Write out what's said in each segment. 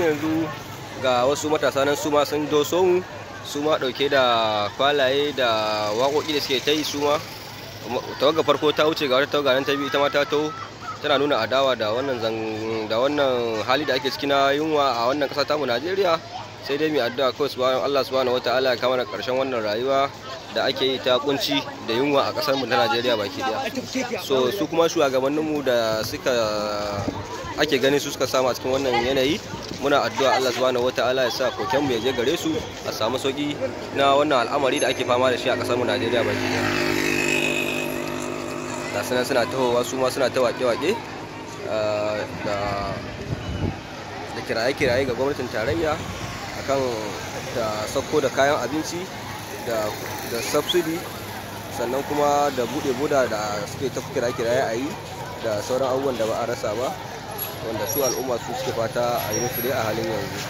yanzu ga wasu matasa nan su ma sun doso mu su ma dauke da kwalaye da waƙoƙi da suke ta yi su ma tawaga farko ta wuce ga wata tawaga nan ta biyu ita ma ta to tana nuna adawa da wannan da wannan hali da ake ciki na yunwa a wannan ƙasa tamu Najeriya sai dai mai addu'a kawai subhanahu Allah subhanahu wataala ya kama karshen wannan rayuwa da ake yi ta kunci da yunwa a kasar mu ta Najeriya baki daya so su kuma shugabannin mu da suka ake ganin su suka samu a cikin wannan yanayi muna addu'a Allah subhanahu wataala ya sa koken mu ya je gare su a samu sauki na wannan al'amari da ake fama da shi a kasar mu Najeriya baki daya da sanan suna tawowa su ma suna ta wake-wake ah, da kiraye-kiraye ga gwamnatin tarayya Kan da sauko da kayan abinci da subsidy sannan kuma da bude buda da suke ta kira kiraye a yi da sauran abubuwan da ba a rasa ba wanda su al'umma su suke fata a yi musu dai a halin yanzu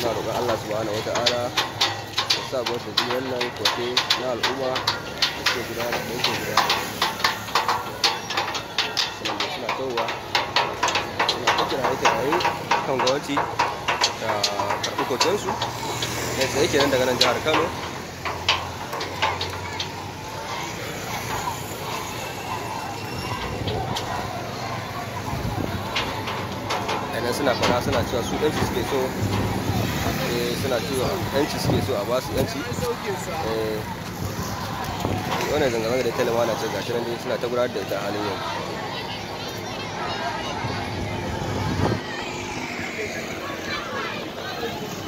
ina roƙon allah su wa wata ara sa sabuwar da wannan kote na al'umma da suke gudana da yake gudana suna tauwa suna ta kiraye kiraye kan gwamnati karɓi kokensu ne tsaye nan daga nan jihar kano nan suna fara suna cewa su ɗanci suke so eh, suna cewa yanci suke so a basu yanci eh, wannan zanga-zanga da talama na ce gashi dai suna ta gudanar da ita halin yau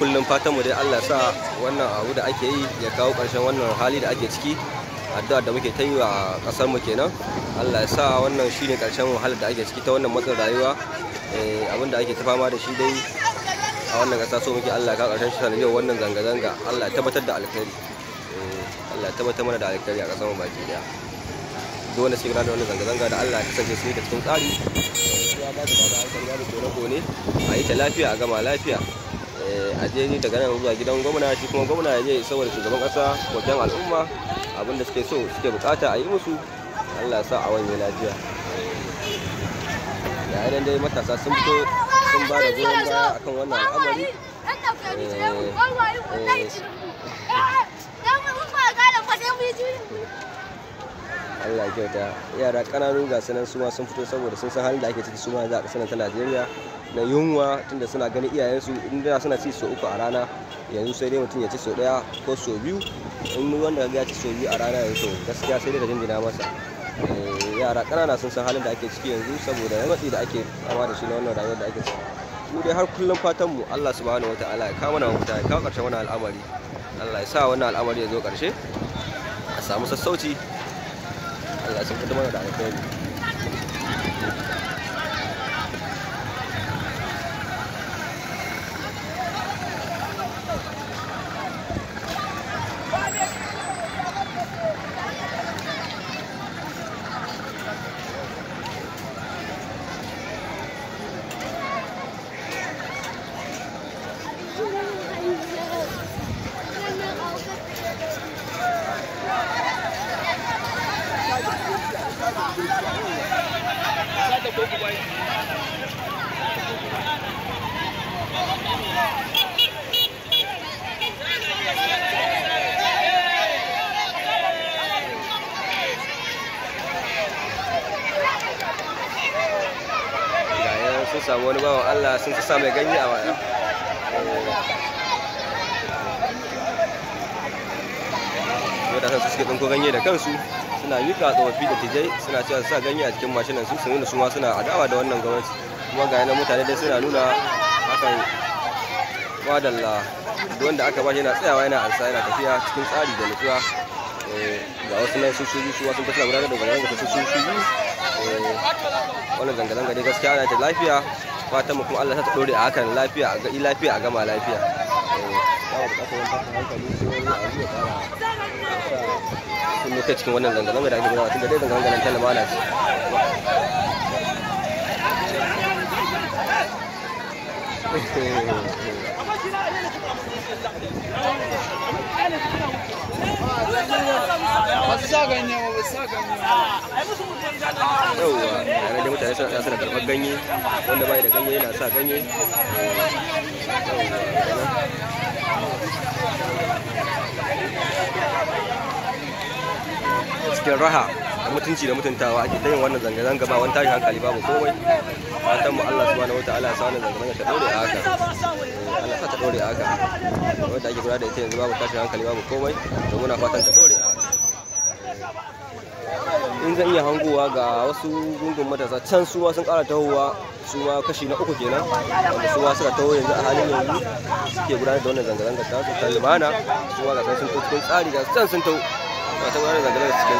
kullum fatan mu dai Allah sa wannan abu da ake yi ya kawo ƙarshen wannan hali da ake ciki addu'a da muke ta yi wa ƙasar mu kenan Allah ya sa wannan shine ƙarshen wahalar da ake ciki ta wannan matsin rayuwa eh, abin da ake ta fama da shi dai a wannan ƙasa so muke Allah ya kawo ƙarshen shi sanadiyar wannan zanga-zanga Allah ya tabbatar da alkhairi eh, Allah ya tabbatar mana da alkhairi a ƙasar mu baki daya duk wanda suke gudanar da wannan zanga-zanga da Allah ya kasance su ne cikin tsari ya ba da alkhairi da kone-kone a yi ta lafiya a gama lafiya Eh, a daga nan zuwa gidan gwamna shi kuma gwamna ya je saboda shugaban kasa wajen al'umma abinda suke so suke bukata a yi musu allah sa a wani lafiya eh, Idan dai matasa sun fito sun ba da goyon baya akan wannan al'amari eh, Allah ya kyauta yara kananu ga sanan su ma sun fito saboda sun san halin da ake ciki su ma za a kasar ta Najeriya na yunwa tunda suna ganin iyayensu inda suna ci so uku a rana yanzu sai dai mutum ya ci so daya ko so biyu in wanda ya ci so biyu a rana yanzu gaskiya sai dai da jinjina masa eh, yara kanana sun san halin da ake ciki yanzu saboda matsi da ake fama da shi na wannan rayuwar da ake ciki mu dai har kullum fatan mu Allah subhanahu wataala ya kawo mana mafita ya kawo karshen wannan al'amari Allah ya sa wannan al'amari ya zo karshe a samu sassauci là sự tôi mới đầu sun samu wani bawan Allah sun sa mai ganye a waya matasan su suke ɗinko ganye da kansu suna mika tsofaffi da tijai suna cewa sa ganye a cikin mashinan su sun nuna su ma suna adawa da wannan gwamnati kuma ga yana mutane dai suna nuna hakan wadalla wanda aka bashi yana tsayawa yana ansa yana tafiya cikin tsari da nutsuwa eh, ga wasu nan sun shuju su wasu kusa gudanar da gudanar da su sun shuju su eh, zanga-zanga dai gaskiya ana ta lafiya fatan mu kuma Allah ta dore a hakan lafiya a ga lafiya a gama lafiya sun muka cikin wannan zanga-zanga da ake gudanarwa tun da dai zanga-zangar ta lumana ce Yauwa. mutane suna suna karɓar ganye wanda bai da ganye yana sa ganye cikin raha da mutunci da mutuntawa ake ta yin wannan zanga-zanga ba wani tashin hankali babu komai fatan mu Allah subhanahu wa ta'ala sa wannan zanga-zanga ta dore a haka Allah sa ta dore a haka wanda ake kula da ita yanzu babu tashin hankali babu komai to muna fatan ta dore in zan iya hangowa ga wasu gungun matasa can suwa sun kara tahowa suwa kashi na uku kenan wanda suwa suka taho yanzu a halin yanzu suke gudanar da wannan zanga zanga ta su talibana suwa ga sun tafi cikin tsari ga can sun taho ga ta gudanar da zanga zanga cikin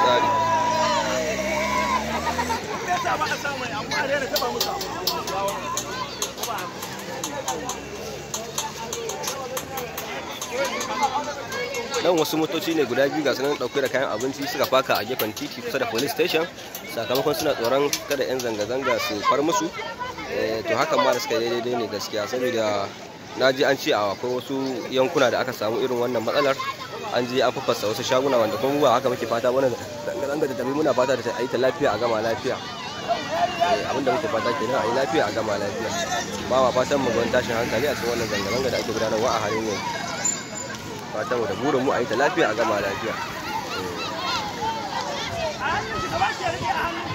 tsari. dan wasu motoci ne guda biyu ga nan dauke da kayan abinci suka faka a gefen titi kusa da police station sakamakon suna tsoron kada yan zanga-zanga su far musu eh, to hakan ma da suka daidai ne gaskiya saboda na ji an ce a akwai wasu yankuna da aka samu irin wannan matsalar an je an fafasa wasu shaguna wanda kuma ba haka muke fata wannan zanga-zanga da tabi muna fata da ta yi lafiya a gama lafiya eh, abin da muke fata kenan a yi lafiya a gama lafiya ba wa fatan mu tashin hankali a cikin wannan zanga-zanga da ake gudanarwa a halin yanzu fata mu da burin mu a yi ta lafiya a gama lafiya. Eh.